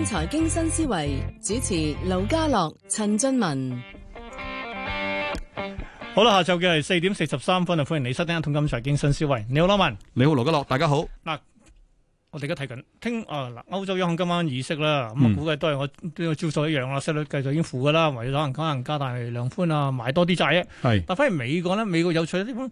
金融財經新思維主持劉家樂、陳俊文，好啦，下晝嘅係四點四十三分啊！歡迎你收聽《一同金融財經新思維》，你好，羅文，你好，劉家樂，大家好。嗱，我哋而家睇緊聽啊，歐、呃、洲央行今晚議息啦，咁啊、嗯、估計都係我都要招數一樣啦，息率繼續已經負噶啦，唯有可能可能加大量寬啊，買多啲債啫。係是，但反而美國呢，美國有趣啲。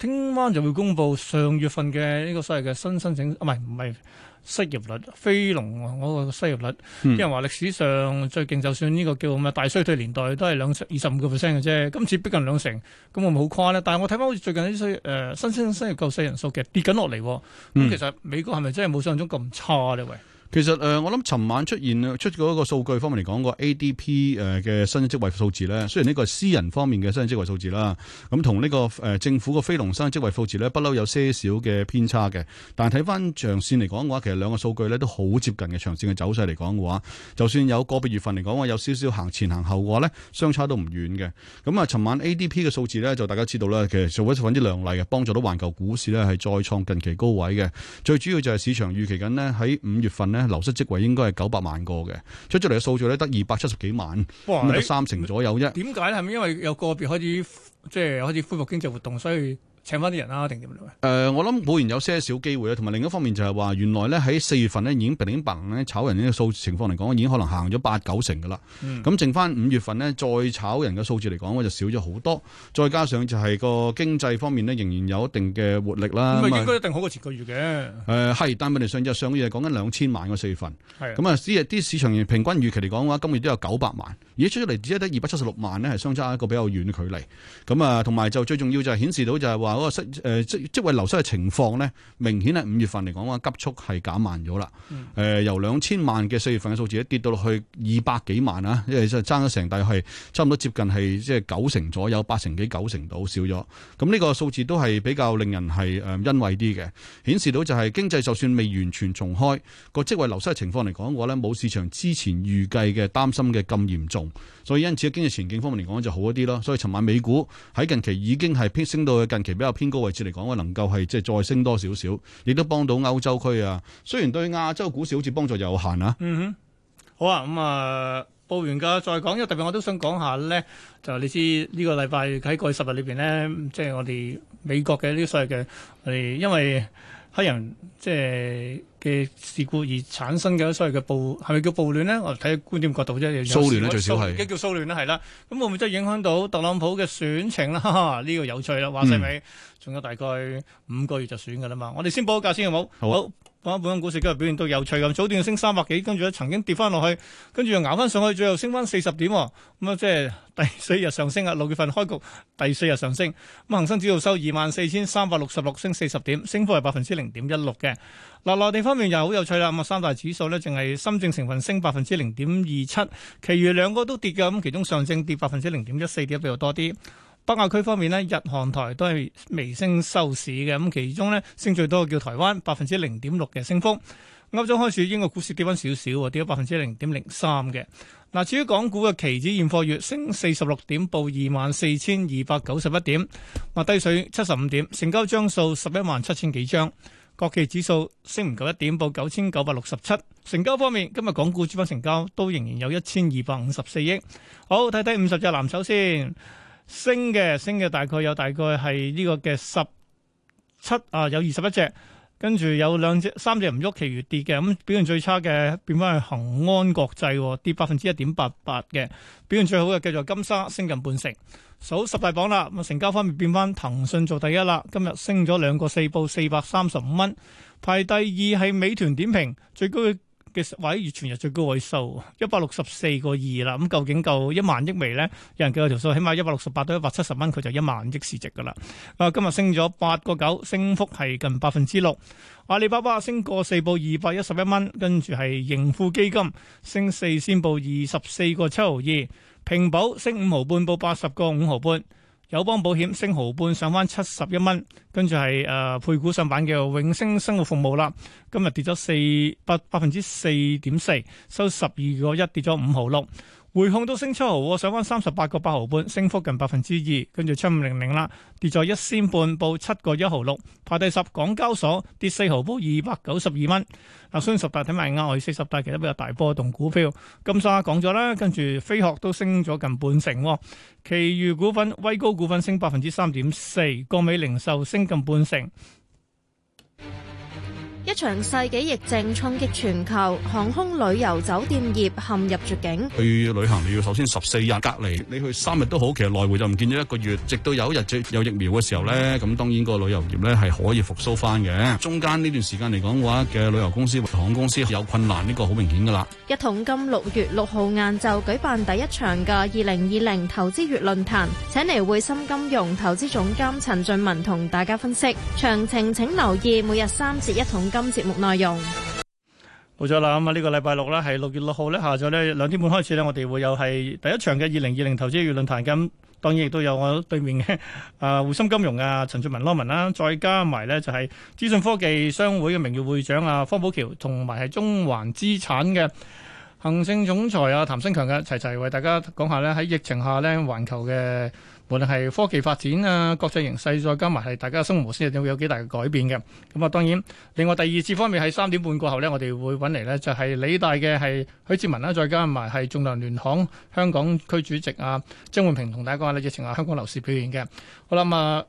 聽晚就會公布上月份嘅呢個所謂嘅新申請，唔係唔係失業率，非農啊嗰、那個失業率。啲、嗯、人話歷史上最勁，就算呢個叫咩大衰退年代都係兩二十五個 percent 嘅啫。今次逼近兩成，咁我咪好誇咧？但係我睇翻好似最近呢啲、呃、新誒新新新月救濟人數嘅跌緊落嚟，咁、嗯嗯嗯嗯、其實美國係咪真係冇想像中咁差咧？其實誒，我諗尋晚出現出嗰個數據方面嚟講個 A D P 誒嘅新職位數字咧，雖然呢個係私人方面嘅新職位數字啦，咁同呢個誒、呃、政府個非農新職位數字咧，不嬲有些少嘅偏差嘅。但係睇翻長線嚟講嘅話，其實兩個數據咧都好接近嘅長線嘅走勢嚟講嘅話，就算有個別月份嚟講話有少少行前行後嘅話咧，相差都唔遠嘅。咁啊，尋晚 A D P 嘅數字咧就大家知道啦，其實數位十分之亮麗嘅，幫助到環球股市咧係再創近期高位嘅。最主要就係市場預期緊呢，喺五月份呢。流失職位應該係九百萬個嘅，出出嚟嘅數字咧得二百七十幾萬，得喂三成左右啫。點解咧？係咪因為有個別開始，即係開始恢復經濟活動，所以？請翻啲人啦、啊，定點樣？誒、呃，我諗固然有些少機會啦，同埋另一方面就係話，原來咧喺四月份咧已經並已經可咧炒人呢個數字情況嚟講，已經可能行咗八九成嘅啦。咁、嗯、剩翻五月份咧再炒人嘅數字嚟講，就少咗好多。再加上就係個經濟方面咧，仍然有一定嘅活力啦。咁咪、嗯、但應該一定好過前個月嘅。誒係、呃，但問題上就上個月講緊兩千萬嘅四月份。咁啊的，啲啲市場平均預期嚟講嘅話，今月都有九百萬，而家出咗嚟只係得二百七十六萬呢，係相差一個比較遠嘅距離。咁啊，同埋就最重要就係顯示到就係話，個失誒職位流失嘅情況咧，明顯係五月份嚟講嘅話急速係減慢咗啦。誒、嗯呃、由兩千萬嘅四月份嘅數字，跌到落去二百幾萬啊！因為即係爭咗成大係差唔多接近係即係九成左右，八成幾九成到，少咗。咁呢個數字都係比較令人係誒、嗯、欣慰啲嘅，顯示到就係、是、經濟就算未完全重開，個職位流失嘅情況嚟講嘅話咧，冇市場之前預計嘅擔心嘅咁嚴重。所以因此嘅經濟前景方面嚟講就好一啲咯。所以尋晚美股喺近期已經係升到近期。比較偏高位置嚟講，我能夠係即係再升多少少，亦都幫到歐洲區啊。雖然對亞洲股市好似幫助有限啊。嗯哼，好啊，咁、嗯、啊，報完價，再講，因為特別我都想講下咧，就你知呢個禮拜喺過去十日裏邊咧，即係我哋美國嘅呢啲所謂嘅，我哋因為。黑人即係嘅事故而產生嘅所謂嘅暴係咪叫暴亂呢我哋睇觀點角度啫。蘇聯咧、啊，最少係即係叫蘇聯啦，係啦。咁會唔會真係影響到特朗普嘅選情啦？哈哈呢、這個有趣啦。話晒，咪仲、嗯、有大概五個月就選噶啦嘛。我哋先報個價先，好唔好、啊？好。本港股市今日表現都有趣咁，早段升三百幾，跟住咧曾經跌翻落去，跟住又熬翻上去，最後升翻四十點咁啊！即係第四日上升啊！六月份開局第四日上升咁，恆生指數收二萬四千三百六十六，升四十點，升幅係百分之零點一六嘅嗱。內地方面就好有趣啦，咁啊三大指數呢，淨係深證成分升百分之零點二七，其餘兩個都跌嘅，咁其中上證跌百分之零點一四，跌得比較多啲。北亞區方面咧，日、韓、台都係微升收市嘅。咁其中咧升最多嘅叫台灣百分之零點六嘅升幅。歐洲開市，英國股市跌翻少少，跌咗百分之零點零三嘅。嗱，至於港股嘅期指現貨月升四十六點，報二萬四千二百九十一點，或低水七十五點，成交張數十一萬七千幾張。國企指數升唔夠一點，報九千九百六十七。成交方面，今日港股主板成交都仍然有一千二百五十四億。好，睇睇五十隻藍籌先。升嘅升嘅大概有大概係呢個嘅十七啊，有二十一隻，跟住有兩隻三隻唔喐，其餘跌嘅。咁表現最差嘅變翻去恒安國際跌百分之一點八八嘅，表現最好嘅繼續係金沙升近半成數十大榜啦。咁啊，成交方面變翻騰訊做第一啦，今日升咗兩個四，報四百三十五蚊，排第二係美團點評，最高嘅。嘅位月全日最高位收一百六十四個二啦，咁究竟夠一萬億未呢？有人計過條數，起碼一百六十八到一百七十蚊，佢就一萬億市值噶啦。啊，今日升咗八個九，升幅係近百分之六。阿里巴巴升過四報二百一十一蚊，跟住係盈富基金升四仙報二十四個七毫二，平保升五毫半報八十個五毫半。友邦保險升毫半上翻七十一蚊，跟住係誒配股上闆嘅永升生活服務啦，今日跌咗四百百分之四點四，收十二個一，跌咗五毫六。匯控都升七毫、哦，上翻三十八個八毫半，升幅近百分之二，跟住七五零零啦，跌咗一仙半，報七個一毫六。排第十，港交所跌四毫，報二百九十二蚊。嗱，新十大睇埋啱，我哋四十大其他比較大波動股票，金沙講咗啦，跟住飛鶴都升咗近半成，其餘股份，威高股份升百分之三點四，國美零售升近半成。一場世紀疫症衝擊全球，航空旅遊酒店業陷入絕境。去旅行你要首先十四日隔離，你去三日都好，其實來回就唔見咗一個月。直到有一日有疫苗嘅時候呢，咁當然個旅遊業呢係可以復甦返嘅。中間呢段時間嚟講嘅話，嘅旅遊公司、航空公司有困難，呢個好明顯噶啦。一桶金六月六號晏晝舉辦第一場嘅二零二零投資月論壇，請嚟匯深金融投資總監陳俊文同大家分析詳情，請留意每日三節一桶金。今節目內容冇咗啦。咁啊，呢、這個禮拜六咧係六月六號咧，下晝咧兩點半開始呢我哋會有係第一場嘅二零二零投資月論壇嘅。咁當然亦都有我對面嘅誒，匯、啊、心金融嘅陳俊文羅文啦，再加埋呢就係資訊科技商會嘅名譽會長阿方寶橋，同埋係中環資產嘅行政總裁阿、啊、譚新強嘅齊齊為大家講下呢喺疫情下呢環球嘅。無論係科技發展啊、國際形勢，再加埋係大家生活模式，一定會有幾大嘅改變嘅。咁啊，當然另外第二次方面係三點半過後咧，我哋會揾嚟咧，就係理大嘅係許志文啦，再加埋係仲量聯行香港區主席啊張煥平同大家講下咧疫情下香港樓市表現嘅。好啦，咁啊，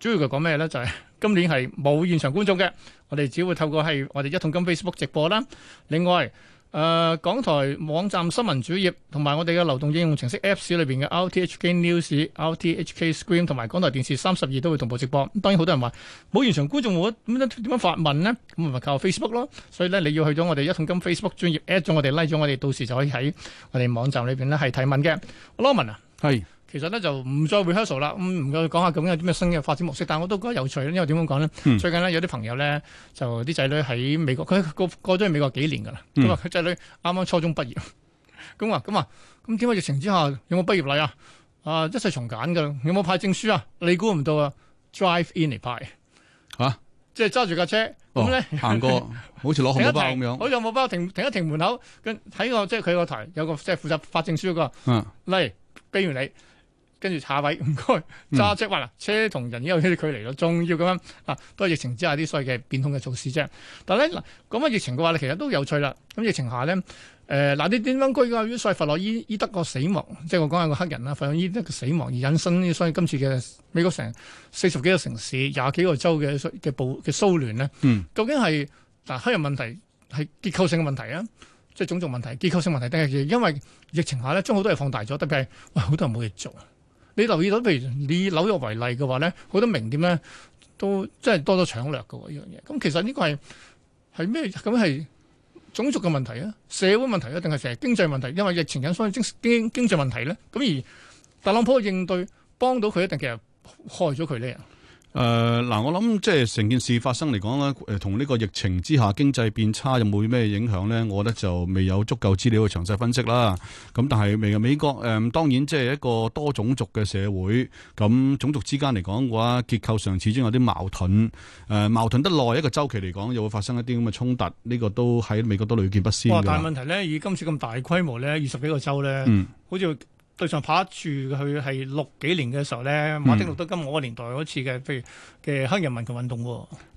主要佢講咩咧？就係今年係冇現場觀眾嘅，我哋只會透過係我哋一統跟 Facebook 直播啦。另外。誒、呃、港台網站新聞主頁同埋我哋嘅流動應用程式 Apps 裏面嘅 RTHK News、RTHK Screen 同埋港台電視三十二都會同步直播。當當然好多人話冇現場觀眾會點樣點樣發問呢？咁咪靠 Facebook 咯。所以呢你要去咗我哋一桶金 Facebook 專頁 at 咗我哋 like 咗我哋，到時就可以喺我哋網站裏面呢係提問嘅。我攞問啊，其實咧就唔再回 h o r s e 啦，咁唔再講下咁嘅啲咩新嘅發展模式，但係我都覺得有趣咧，因為點講呢、嗯、最近呢有啲朋友咧就啲仔女喺美國，佢過咗去美國幾年噶啦，咁啊佢仔女啱啱初中畢業，咁啊咁啊咁，天威疫情之下有冇畢業禮啊？啊一再從簡噶，有冇派證書啊？你估唔到啊？Drive in 嚟派吓，啊、即係揸住架車咁咧、哦、行過，好似攞紅包咁樣，好有紅包停停一停門口，跟睇個即係佢個台有個即係負責發證書個，嗯嚟俾完你。跟住查位，唔該揸車話嗱，車同人要有啲距離咯，仲要咁樣啊，都係疫情之下啲所謂嘅變通嘅措施啫。但係咧嗱，講翻疫情嘅話咧，其實都有趣啦。咁疫情下呢，誒嗱啲點樣歸咎於所謂佛洛伊伊德個死亡，即係我講下個黑人啦，佛洛伊德個死亡而引申呢，所以今次嘅美國成四十幾個城市、廿幾個州嘅嘅暴嘅騷亂呢，嗯、究竟係嗱、啊、黑人問題係結構性嘅問題啊，即係種族問題、結構性問題定係因，因為疫情下呢，將好多嘢放大咗，特別係哇，好多人冇嘢做。你留意到，譬如你以紐約為例嘅話咧，好多名店咧都真係多多搶掠嘅喎，呢樣嘢。咁其實呢個係係咩？咁係種族嘅問題啊，社會問題啊，定係成日經濟問題？因為疫情引發經經經濟問題咧。咁而特朗普嘅應對幫到佢，一定其實害咗佢咧。誒嗱、呃，我諗即係成件事發生嚟講咧，誒同呢個疫情之下經濟變差有冇咩影響咧？我咧就未有足夠資料去詳細分析啦。咁但係未美國誒、呃，當然即係一個多種族嘅社會，咁種族之間嚟講嘅話，結構上始終有啲矛盾。誒、呃、矛盾得耐一個周期嚟講，又會發生一啲咁嘅衝突。呢、這個都喺美國都屢見不鮮的。哇！但係問題咧，以今次咁大規模咧，二十幾個州咧，像嗯，好似。對上爬住佢係六幾年嘅時候咧，馬丁路德金我個年代嗰次嘅，譬如嘅黑人民權運動。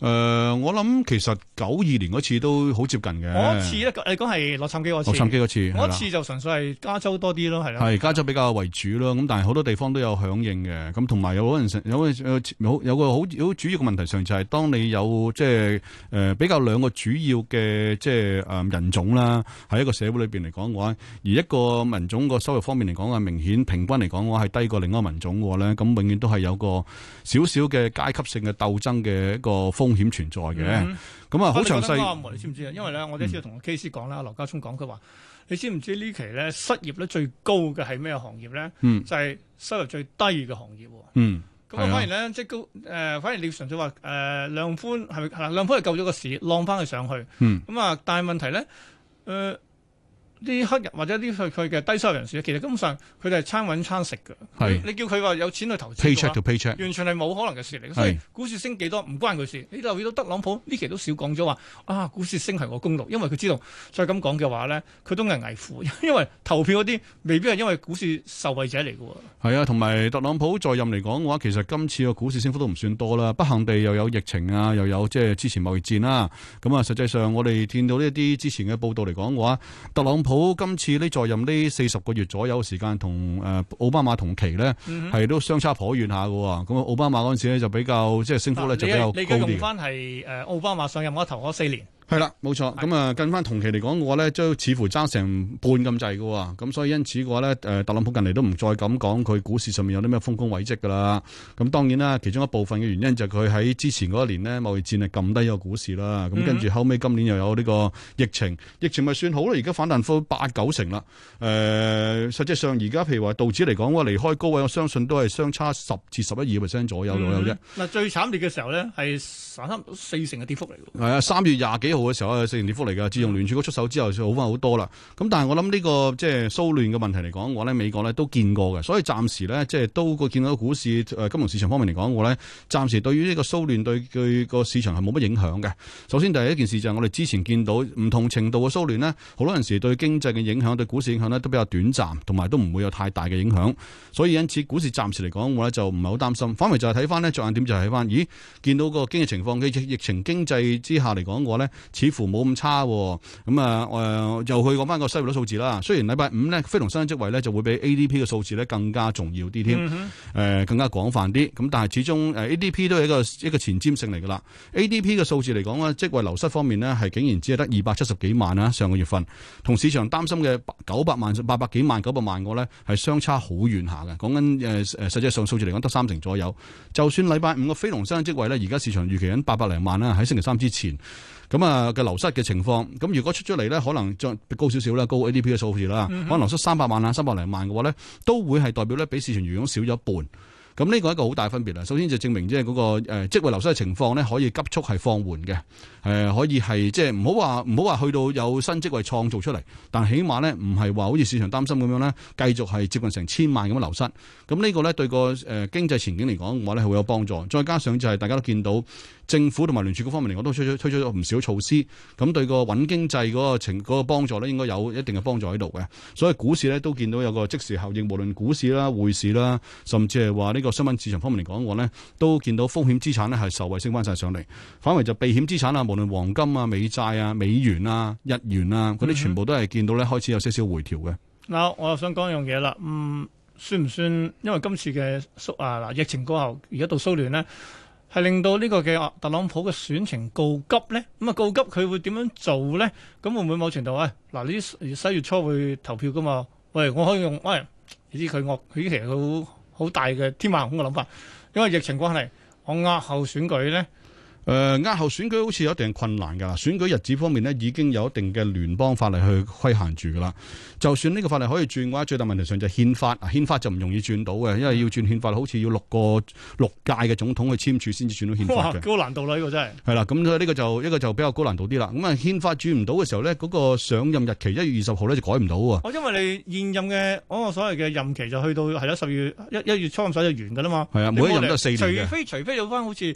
誒，我諗其實九二年嗰次都好接近嘅。我一次咧，你講係洛杉磯嗰次。洛杉磯嗰次，我一次就純粹係加州多啲咯，係啦。係加州比較為主咯，咁但係好多地方都有響應嘅。咁同埋有嗰陣時有誒冇有個好好主要嘅問題上就係，當你有即係誒比較兩個主要嘅即係誒人種啦，喺一個社會裏邊嚟講嘅話，而一個民種個收入方面嚟講嘅。明顯平均嚟講，我係低過另外民族嘅話咧，咁永遠都係有個少少嘅階級性嘅鬥爭嘅一個風險存在嘅。咁啊，好詳細。你知唔知啊？因為咧，我哋先同 KC 講啦，羅家聰講佢話，你知唔知呢期咧失業率最高嘅係咩行業咧？嗯，就係收入最低嘅行業。嗯，咁啊，反而咧即係高誒，反而你純粹話誒，量寬係咪係啦？量寬係救咗個市，浪翻佢上去。嗯，咁啊，但係問題咧，誒。啲黑人或者啲佢佢嘅低收入人士其實根本上佢哋係餐揾餐食嘅。係是，你叫佢話有錢去投資，paycheck 條 paycheck，完全係冇可能嘅事嚟。所以股市升幾多唔關佢事。你留意到特朗普呢期都少講咗話啊，股市升係我功勞，因為佢知道再咁講嘅話咧，佢都係危乎，因為投票嗰啲未必係因為股市受惠者嚟嘅。係啊，同埋特朗普在任嚟講嘅話，其實今次嘅股市升幅都唔算多啦。不幸地又有疫情啊，又有即係之前貿易戰啦。咁啊，實際上我哋見到一啲之前嘅報道嚟講嘅話，特朗普。好，今次呢在任呢四十個月左右時間同誒奧巴馬同期咧，係、嗯哼都相差頗遠下嘅喎。咁啊，奧巴馬嗰陣時呢咧就比較即係、就是、升幅咧就比較高啲。你而家用翻係誒奧巴馬上任嗰頭嗰四年。係啦，冇錯，咁啊的，跟翻、嗯、同期嚟講嘅話咧，就似乎爭成半咁滯嘅，咁所以因此嘅話咧，誒，特朗普近嚟都唔再咁講，佢股市上面有啲咩豐功偉績嘅啦。咁當然啦，其中一部分嘅原因就係佢喺之前嗰一年咧，貿易戰係撳低咗呢個股市啦。咁跟住後尾，今年又有呢個疫情，疫情咪算好咯？而家反彈幅八九成啦。誒、呃，實際上而家譬如話道指嚟講，我離開高位，我相信都係相差十至十一二 percent 左右左右啫。嗱、嗯，嗯、最慘烈嘅時候咧，係三三四成嘅跌幅嚟嘅。係啊，三月廿幾號。嘅時候四連跌幅嚟噶，自從聯儲局出手之後就、這個，就好翻好多啦。咁但係我諗呢個即係騷亂嘅問題嚟講，我咧美國咧都見過嘅，所以暫時咧即係都個見到股市誒、呃、金融市場方面嚟講，我咧暫時對於呢個騷亂對佢個市場係冇乜影響嘅。首先第一件事就係我哋之前見到唔同程度嘅騷亂咧，好多陣時對經濟嘅影響，對股市影響咧都比較短暫，同埋都唔會有太大嘅影響。所以因此，股市暫時嚟講，我咧就唔係好擔心，反而就係睇翻咧着眼點就係睇翻，咦，見到個經濟情況，疫疫情經濟之下嚟講嘅話咧。似乎冇咁差咁啊！誒、嗯呃，又去講翻個失業率數字啦。雖然禮拜五咧，非農新增職位咧就會比 A D P 嘅數字咧更加重要啲添、嗯哼呃，更加廣泛啲。咁但係始終 A D P 都係一個一個前瞻性嚟㗎啦。嗯、哼 A D P 嘅數字嚟講咧，職位流失方面咧係竟然只係得二百七十幾萬啦、啊。上個月份同市場擔心嘅九百萬八百幾萬九百萬個咧係相差好遠下嘅。講緊誒誒實際上數字嚟講得三成左右。就算禮拜五個非農新增職位咧，而家市場預期緊八百零萬啦、啊，喺星期三之前。咁啊嘅流失嘅情況，咁如果出咗嚟咧，可能就高少少啦，高 A D P 嘅數字啦，嗯、哼可能流失三百萬啊，三百零萬嘅話咧，都會係代表咧，比市場預想少咗一半。咁呢個係一個好大分別啦。首先就證明即係嗰個誒職位流失嘅情況咧，可以急速係放緩嘅，誒可以係即係唔好話唔好話去到有新職位創造出嚟，但起碼咧唔係話好似市場擔心咁樣咧，繼續係接近成千萬咁樣流失。咁、這、呢個咧對個誒經濟前景嚟講嘅話咧，係會有幫助。再加上就係大家都見到。政府同埋聯儲局方面嚟講，都推出推出咗唔少措施，咁對嗰個穩經濟嗰個程嗰個幫助咧，應該有一定嘅幫助喺度嘅。所以股市咧都見到有個即時效應，無論股市啦、匯市啦，甚至係話呢個商品市場方面嚟講，我咧都見到風險資產咧係受惠升翻晒上嚟，反為就避險資產啊，無論黃金啊、美債啊、美元啊、日元啊，嗰啲全部都係見到咧開始有些少回調嘅。嗱、嗯哼，我又想講一樣嘢啦，嗯，算唔算？因為今次嘅蘇啊，疫情過後，而家到蘇聯呢。係令到呢個嘅特朗普嘅選情告急咧，咁啊告急佢會點樣做咧？咁會唔會某程度啊嗱，呢、哎、十一月初會投票噶嘛？喂，我可以用喂，你知佢惡佢其實佢好好大嘅天馬行空嘅諗法，因為疫情關係，我押後選舉咧。誒，押、呃、後選舉好似有一定困難噶啦。選舉日子方面咧，已經有一定嘅聯邦法例去規限住噶啦。就算呢個法例可以轉嘅話，最大問題上就係憲法，憲法就唔容易轉到嘅，因為要轉憲法好似要六個六屆嘅總統去簽署先至轉到憲法嘅。高難度呢、這個真係係啦。咁呢個就一、這個就比較高難度啲啦。咁、嗯、啊，憲法轉唔到嘅時候咧，嗰、那個上任日期一月二十號咧就改唔到啊。哦，因為你現任嘅嗰個所謂嘅任期就去到係啦，十月一一月初咁，所以就完噶啦嘛。係啊，每一任都係四年嘅。除非除非有翻好似。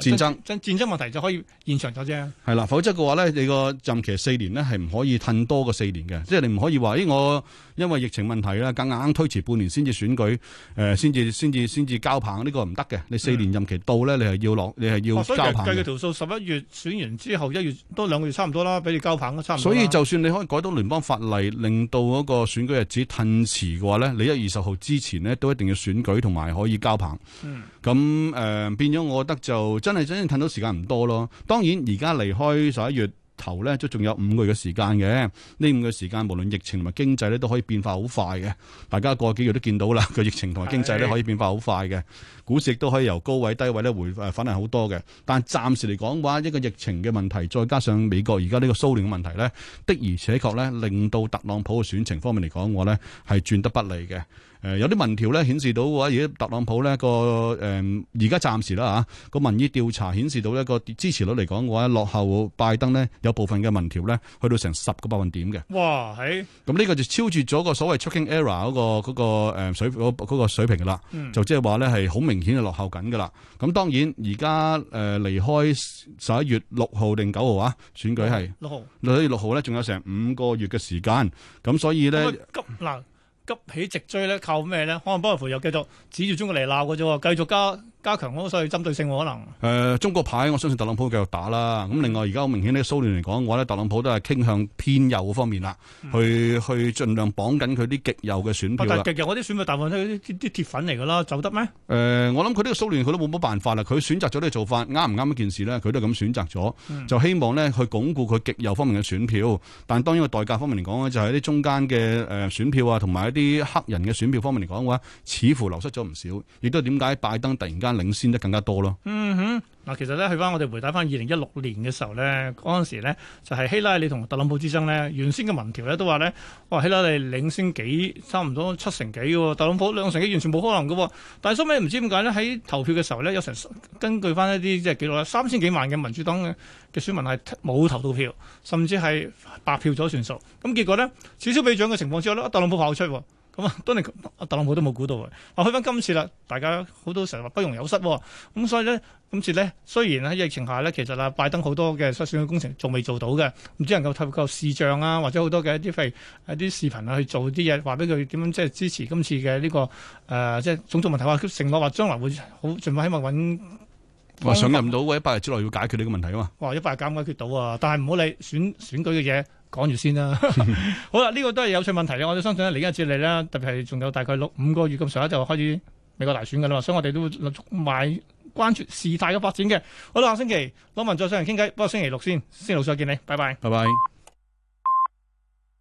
戰爭，戰戰爭問題就可以延長咗啫。係啦，否則嘅話咧，你個任期四年咧係唔可以褪多過四年嘅，即係你唔可以話，咦、哎、我因為疫情問題啦，咁硬，硬推遲半年先至選舉，誒、呃，先至先至先至交棒，呢、這個唔得嘅。你四年任期到咧、嗯，你係要落，你係要交棒的、啊。所以計嘅條數，十一月選完之後一月多兩個月差唔多啦，俾你交棒都差唔多。所以就算你可以改到聯邦法例，令到嗰個選舉日子褪遲嘅話咧，你一月二十號之前咧都一定要選舉同埋可以交棒。嗯。咁誒、呃、變咗，我覺得就真係真正褪到時間唔多咯。當然而家離開十一月頭咧，都仲有五個月嘅時間嘅。呢五個時間，無論疫情同埋經濟咧，都可以變化好快嘅。大家過幾月都見到啦，個疫情同埋經濟咧可以變化好快嘅。股市亦都可以由高位低位咧回誒、呃、反好多嘅。但暫暫時嚟講話話，一個疫情嘅問題，再加上美國而家呢個騷亂嘅問題咧，的而且確咧令到特朗普嘅選情方面嚟講，我咧係轉得不利嘅。誒有啲民調咧顯示到嘅話，而家特朗普咧個誒而家暫時啦嚇個民意調查顯示到一個支持率嚟講嘅話，落後拜登咧有部分嘅民調咧去到成十個百分點嘅。哇！喺咁呢個就超越咗個所謂 tracking error 嗰個嗰個誒水嗰嗰個水平啦，就即係話咧係好明顯係落後緊嘅啦。咁當然而家誒離開十一月六號定九號啊選舉係六號，十一月六號咧仲有成五個月嘅時間，咁所以咧嗱。急起直追呢，靠咩呢？可能不外乎又繼續指住中國嚟鬧㗎啫喎，繼續加。加強咯，所以針對性可能。誒、呃，中國牌我相信特朗普繼續打啦。咁另外而家好明顯咧，騷亂嚟講嘅話咧，特朗普都係傾向偏右方面啦，嗯、去去盡量綁緊佢啲極右嘅選票。但係極右嗰啲選票大部分都係啲啲鐵粉嚟㗎啦，就得咩？誒、呃，我諗佢呢個騷亂佢都冇乜辦法啦。佢選擇咗呢個做法，啱唔啱一件事咧？佢都係咁選擇咗，嗯、就希望咧去鞏固佢極右方面嘅選票。但係當然個代價方面嚟講咧，就係、是、啲中間嘅誒選票啊，同埋一啲黑人嘅選票方面嚟講嘅話，似乎流失咗唔少。亦都係點解拜登突然間？領先得更加多咯。嗯哼，嗱，其實咧去翻我哋回帶翻二零一六年嘅時候咧，嗰陣時咧就係、是、希拉里同特朗普之爭咧，原先嘅民調咧都話咧，哇、哦，希拉里領先幾差唔多七成幾喎、哦，特朗普兩成幾完全冇可能嘅、哦。但係收尾唔知點解咧，喺投票嘅時候咧，有成根據翻一啲即係記錄咧，三千幾萬嘅民主黨嘅嘅選民係冇投到票，甚至係白票咗算數。咁結果咧，此消彼長嘅情況之下咧，特朗普跑出。咁啊、嗯，當然特朗普都冇估到喎。話開翻今次啦，大家好多時候話不容有失喎、哦。咁所以咧，今次咧雖然喺疫情下咧，其實啊拜登好多嘅選選舉工程仲未做到嘅，唔知能夠透過視像啊，或者好多嘅一啲譬如一啲視頻啊去做啲嘢，話俾佢點樣即係支持今次嘅呢、這個誒、呃、即係種族問題。話佢承諾話將來會好盡快希望揾，話上任到喎一百日之內要解決呢個問題啊嘛。哇、呃！一百日夠解決到啊？但係唔好理選選舉嘅嘢。講住先啦， 好啦，呢個都係有趣嘅問題咧。我哋相信呢，嚟緊一次啦，特別係仲有大概六五個月咁上下就開始美國大選噶啦嘛，所以我哋都會捉埋關注事態嘅發展嘅。好啦，下星期俊文再上嚟傾偈。不過星期六先，星期六再見你，拜拜，拜拜。